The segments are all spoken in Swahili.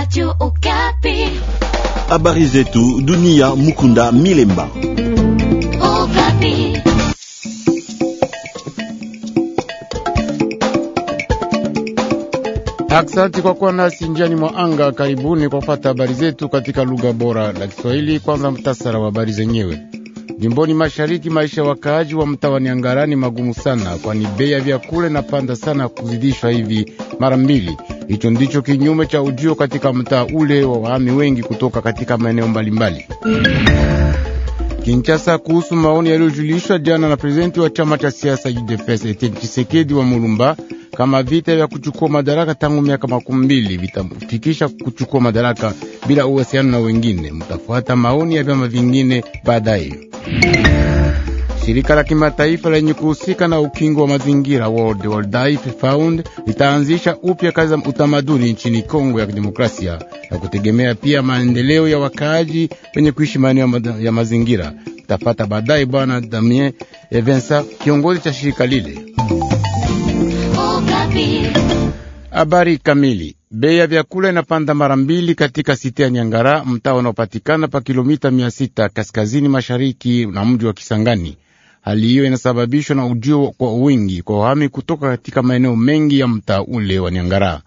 Radio Okapi. Habari zetu dunia, Mukunda Milemba. Okapi. Aksanti kwa kuwa nasi njiani mwa anga. Karibuni kwa kufata habari zetu katika lugha bora la Kiswahili. Kwanza mtasara wa habari zenyewe. Jimboni mashariki, maisha ya wakaaji wa mtawani Angarani magumu sana, kwani bei ya vyakula inapanda sana kuzidishwa hivi mara mbili. Hicho ndicho kinyume cha ujio katika mtaa ule wa wahami wengi kutoka katika maeneo mbalimbali. kinchasa kuhusu maoni yaliyojulishwa jana na prezidenti wa chama cha siasa UDPS Etienne Tshisekedi wa Mulumba kama vita vya kuchukua madaraka tangu miaka makumi mbili vitamfikisha kuchukua madaraka bila uhusiano na wengine. Mtafuata maoni ya vyama vingine baadaye. Shirika la kimataifa lenye kuhusika na ukingo wa mazingira World Wildlife Fund litaanzisha upya kazi za utamaduni nchini Kongo ya Kidemokrasia na kutegemea pia maendeleo ya wakaaji wenye kuishi maeneo ya mazingira. Tapata baadaye Bwana Damien Evensa, kiongozi cha shirika lile. Habari kamili. Bei ya vyakula inapanda mara mbili katika site ya Nyangara, mtaa unaopatikana pa kilomita mia sita kaskazini mashariki na mji wa Kisangani. Hali hiyo inasababishwa na ujio kwa wingi kwa wahami kutoka katika maeneo mengi ya mtaa ule wa Nyangara.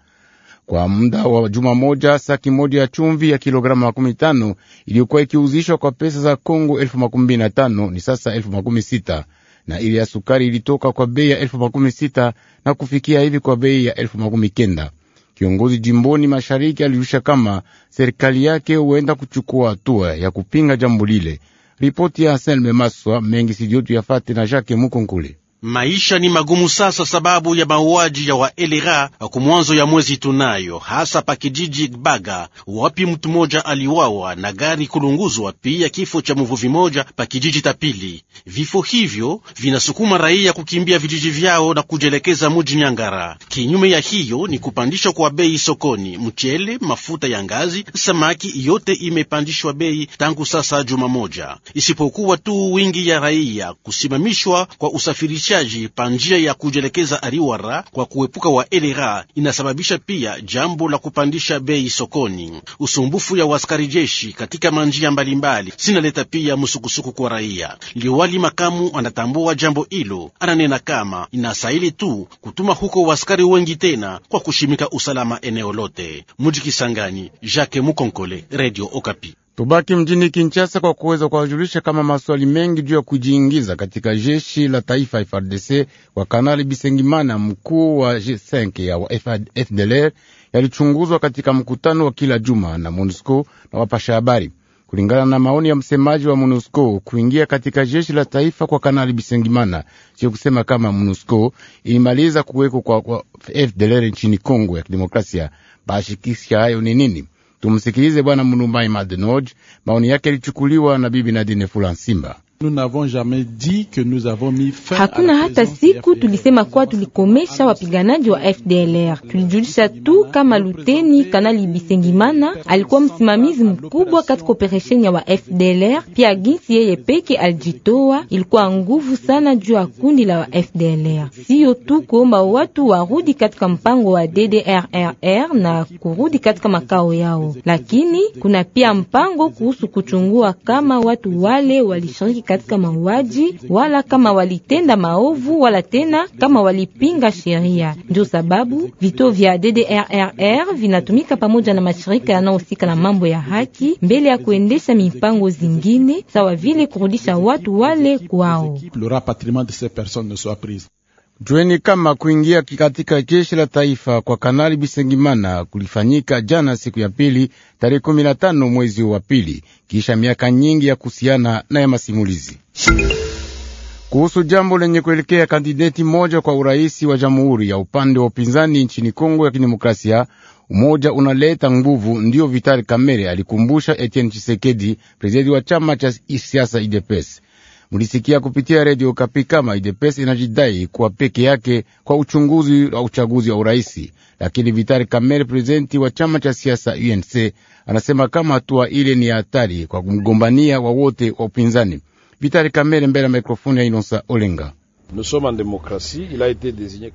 Kwa muda wa juma moja, saki moja ya chumvi ya kilogramu makumi tano iliyokuwa ikiuzishwa kwa pesa za Kongo elfu makumi mbili na tano ni sasa elfu makumi sita na ile ya sukari ilitoka kwa bei ya elfu makumi sita na kufikia hivi kwa bei ya elfu makumi kenda. Kiongozi jimboni mashariki alijulisha kama serikali yake huenda kuchukua hatua ya kupinga jambo lile Ripoti ya Anselme Maswa mengi sijutu yafate na Jacques Mukonkule. Maisha ni magumu sasa sababu ya mauaji ya waelera kumwanzo ya mwezi tunayo, hasa pa kijiji Gbaga, wapi mtu mmoja aliwawa na gari kulunguzwa, pia kifo cha mvuvi moja pa kijiji Tapili. Vifo hivyo vinasukuma raia kukimbia vijiji vyao na kujelekeza muji Nyangara. Kinyume ya hiyo ni kupandishwa kwa bei sokoni, mchele, mafuta ya ngazi, samaki yote imepandishwa bei tangu sasa juma moja, isipokuwa tu wingi ya raia, kusimamishwa kwa usafiri usafirishaji pa njia ya kujelekeza Ariwara kwa kuepuka wa elera inasababisha pia jambo la kupandisha bei sokoni. Usumbufu ya waskari jeshi katika manjia mbalimbali sinaleta pia msukusuku kwa raia. Liwali makamu anatambua jambo hilo, ananena kama inasaili tu kutuma huko waskari wengi tena kwa kushimika usalama eneo lote. Mujikisangani, Jacques Mukonkole, Radio Okapi. Tubaki mjini Kinshasa kwa kuweza kuwajulisha kama maswali mengi juu ya kujiingiza katika jeshi la taifa FRDC kwa Kanali Bisengimana, mkuu wa G5 ya FDLR, yalichunguzwa katika mkutano wa kila juma na MONUSCO na wapasha habari. Kulingana na maoni ya msemaji wa MONUSCO, kuingia katika jeshi la taifa kwa Kanali Bisengimana sio kusema kama MONUSCO ilimaliza kuweko kwa FDLR nchini Kongo ya Kidemokrasia. Bashikisha hayo ni nini? Tumsikilize Bwana Mulumbai Madenoge, maoni yake yalichukuliwa na Bibi Nadine Fula Nsimba. Hakuna hata siku tulisema kwa tulikomesha wapiganaji wa FDLR. Tulijulisha tu kama Luteni Kanali Bisengimana alikuwa msimamizi mkubwa katika operesheni ya wa FDLR, pia ginsi yeye peke alijitoa ilikuwa nguvu sana juu ya kundi la wa FDLR. Siyo tu kuomba watu warudi katika mpango wa DDRRR na kurudi katika makao yao, lakini kuna pia mpango kuhusu kuchungua kama watu wale walishiriki katika mauaji wala kama walitenda maovu wala tena kama walipinga sheria. Ndio sababu vituo vya DDRRR vinatumika pamoja na mashirika yanayohusika na mambo ya haki mbele ya kuendesha mipango zingine sawa vile kurudisha watu wale kwao. Jueni kama kuingia katika jeshi la taifa kwa Kanali Bisengimana kulifanyika jana siku ya pili tarehe 15 mwezi wa pili, kisha miaka nyingi ya kuhusiana na ya masimulizi kuhusu jambo lenye kuelekea kandideti moja kwa uraisi wa jamhuri ya upande wa upinzani nchini Kongo ya Kidemokrasia. Umoja unaleta nguvu, ndiyo Vitali Kamere alikumbusha Etienne Chisekedi, prezidenti wa chama cha siasa UDPS mulisikia kupitia redio Kapi kama idepesi inajidai kuwa peke yake kwa uchunguzi wa uchaguzi wa uraisi, lakini Vitari Kamere, prezidenti wa chama cha siasa UNC, anasema kama hatua ile ni ya hatari kwa mgombania wawote wa upinzani. Vitari Kamere mbele ya mikrofoni ya Inosa Olenga.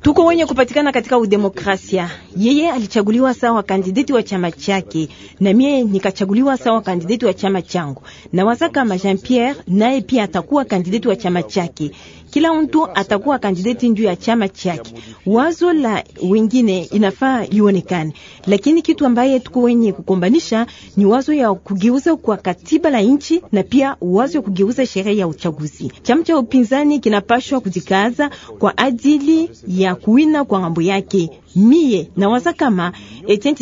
Tuko wenye kupatikana katika udemokrasia. Yeye alichaguliwa sawa kandideti wa chama chake na mie nikachaguliwa sawa kandideti wa chama changu, na wazaka kama Jean Pierre naye pia atakuwa kandideti wa chama chake kila mtu atakuwa kandidati juu ya chama chake. Wazo la wengine inafaa ionekane, lakini kitu ambaye tuko wenye kukombanisha ni wazo ya kugeuza kwa katiba la nchi na pia wazo ya kugeuza sheria ya uchaguzi. Chama cha upinzani kinapashwa kujikaza kwa ajili ya kuwina kwa ngambo yake. Mie na wazakama kama Etienne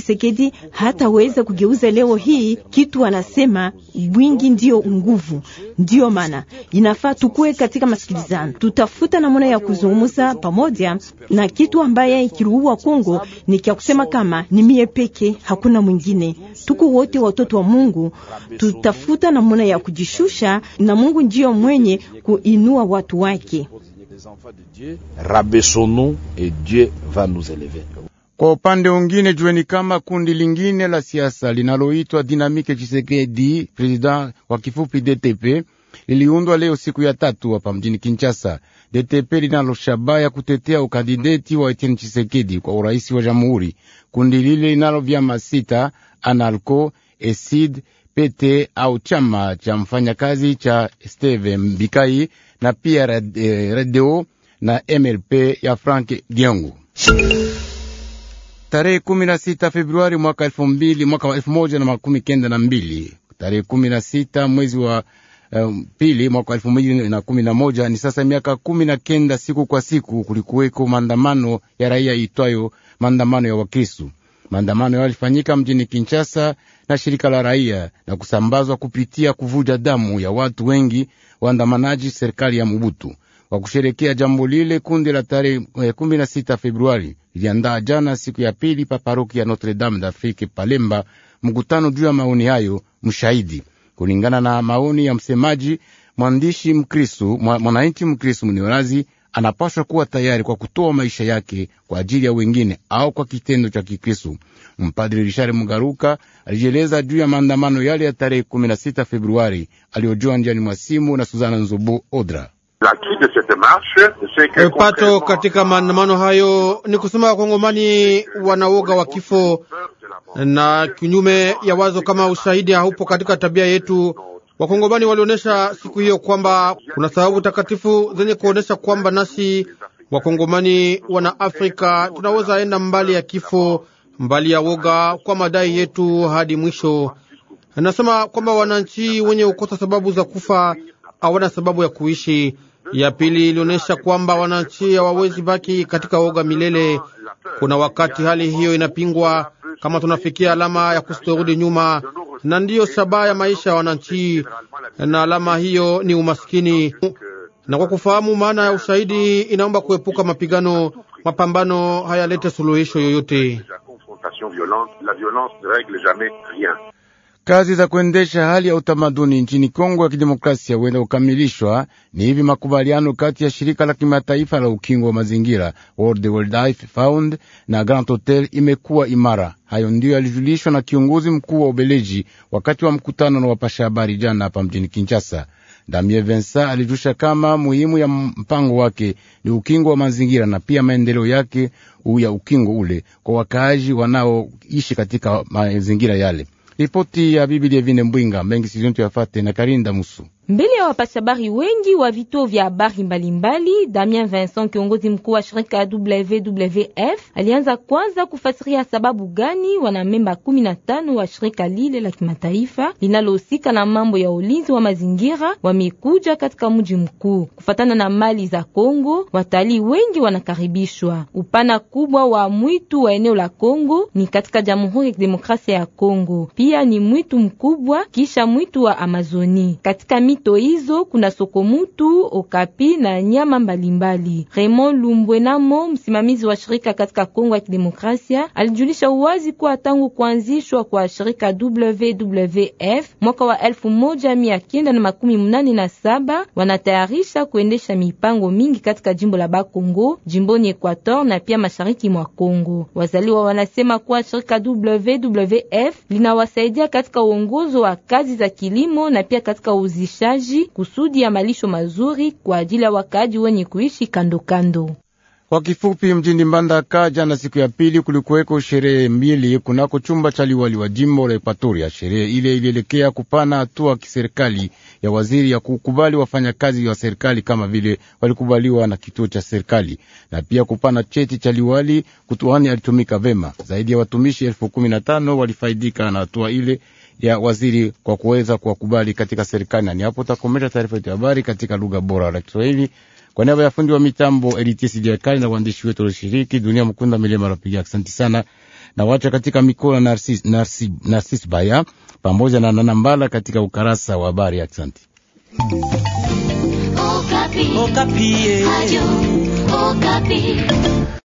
hata hataweza kugeuza leo hii kitu anasema, bwingi ndio nguvu. Ndio maana inafaa tukue katika masikilizano, tutafuta namna ya kuzungumza pamoja, na kitu ambaye kiruhuwa Kongo ni kya kusema kama ni mie peke, hakuna mwingine, tuko wote watoto wa Mungu, tutafuta namna ya kujishusha, na Mungu ndio mwenye kuinua watu wake. Rabaissons-nous et Dieu va nous élever. Kwa upande ungine, jueni kama kundi lingine la siasa linaloitwa Dinamike Chisekedi, president wa kifupi DTP, liliundwa leo siku ya tatu hapa mjini Kinshasa. DTP linalo shabaha ya kutetea ukandideti wa Etienne Chisekedi kwa urais wa jamhuri. Kundi lile linalo vyama sita: Analco, Esid, pete au chama cha mfanyakazi cha Steve Mbikai na pia Radio eh, eh, eh, na MLP ya Frank Diongo tarehe kumi na sita Februari mwaka elfu mbili mwaka wa elfu moja na makumi kenda na mbili tarehe kumi na sita mwezi wa um, pili mwaka elfu mbili na kumi na moja ni sasa miaka kumi na kenda siku kwa siku kulikuweko maandamano ya raia itwayo maandamano ya Wakristu. Maandamano yalifanyika mjini Kinshasa na shirika la raia na kusambazwa kupitia kuvuja damu ya watu wengi waandamanaji serikali ya mubutu Kwa kusherekea jambo lile, kundi la tarehe eh, kumi na sita Februari iliandaa jana siku ya pili pa paroki ya Notre Dame d'Afrique Palemba mkutano juu ya maoni hayo mshahidi. Kulingana na maoni ya msemaji, mwandishi Mkristu, mwananchi Mkristu mniorazi anapaswa kuwa tayari kwa kutoa maisha yake kwa ajili ya wengine au kwa kitendo cha Kikristu. Mpadri Rishari Mugaruka alijieleza juu ya maandamano yale ya tarehe 16 Februari aliyojua njiani mwa simu na Suzana Nzubu Odra. Eh, Pato katika maandamano hayo ni kusema wakongomani wanaoga wa kifo na kinyume ya wazo kama ushahidi haupo katika tabia yetu. Wakongomani walionyesha siku hiyo kwamba kuna sababu takatifu zenye kuonyesha kwamba nasi wakongomani wana Afrika tunaweza enda mbali ya kifo, mbali ya woga kwa madai yetu hadi mwisho. Nasema kwamba wananchi wenye ukosa sababu za kufa hawana sababu ya kuishi ya pili ilionyesha kwamba wananchi hawawezi baki katika woga milele. Kuna wakati hali hiyo inapingwa kama tunafikia alama ya kusitorudi nyuma, na ndiyo shabaha ya maisha ya wananchi, na alama hiyo ni umaskini. Na kwa kufahamu maana ya ushahidi, inaomba kuepuka mapigano. Mapambano hayalete suluhisho yoyote. Kazi za kuendesha hali ya utamaduni nchini Kongo ya Kidemokrasia huenda kukamilishwa ni hivi makubaliano kati ya shirika la kimataifa la ukingo wa mazingira World Wildlife Fund na Grand Hotel imekuwa imara. Hayo ndiyo yalijulishwa na kiongozi mkuu wa Ubeleji wakati wa mkutano na wapasha habari jana hapa mjini Kinshasa. Damien Vincent alijusha kama muhimu ya mpango wake ni ukingo wa mazingira na pia maendeleo yake ya ukingo ule kwa wakaaji wanaoishi katika mazingira yale ripoti ya Biblia vine Mbwinga mengi sizoni yafate na Karinda Musu. Mbele ya wapashabari wengi wa vituo vya habari mbalimbali, Damien Vincent, kiongozi mkuu wa shirika ya WWF, alianza kwanza kufasiria sababu gani wanamemba 15 wa shirika lile la kimataifa linalohusika na mambo ya ulinzi wa mazingira wamekuja katika mji mkuu. Kufatana na mali za Kongo, watalii wengi wanakaribishwa. Upana kubwa wa mwitu wa eneo la Kongo ni katika Jamhuri ya Demokrasia ya Kongo, pia ni mwitu mkubwa kisha mwitu wa Amazoni katika mito hizo kuna sokomutu, okapi na nyama mbalimbali. Raymond Lumbwe Namo, msimamizi wa shirika katika Kongo ya Kidemokrasia, alijulisha uwazi kuwa tangu kuanzishwa kwa shirika WWF mwaka wa 1987 wanatayarisha kuendesha mipango mingi katika jimbo la Bakongo, jimboni Equator na pia mashariki mwa Kongo. Wazaliwa wanasema kuwa shirika WWF linawasaidia katika uongozo wa kazi za kilimo na pia katika uzishi uzalishaji kusudi ya malisho mazuri kwa ajili ya wakaaji wenye kuishi kando kando. Kwa kifupi, mjini Mbandaka jana, siku ya pili, kulikuweko sherehe mbili kunako chumba cha liwali wa jimbo la Ekwatoria. Sherehe ile ilielekea kupana hatua kiserikali ya waziri ya kukubali wafanyakazi wa serikali kama vile walikubaliwa na kituo cha serikali na pia kupana cheti cha liwali kutuani alitumika vema. Zaidi ya watumishi elfu kumi na tano walifaidika na hatua ile ya waziri kwa kuweza kuwakubali katika serikali. Na ni hapo utakomesha taarifa yetu ya habari katika lugha bora la Kiswahili kwa niaba ya fundi wa mitambo Jakali na waandishi wetu walioshiriki, Dunia Mkunda Milema Lapiga, asanti sana na wacha katika mikono Narcis, Narcis, Narcis Baya pamoja na Nanambala katika ukarasa wa habari. Asanti Okapi. Okapi. Eh.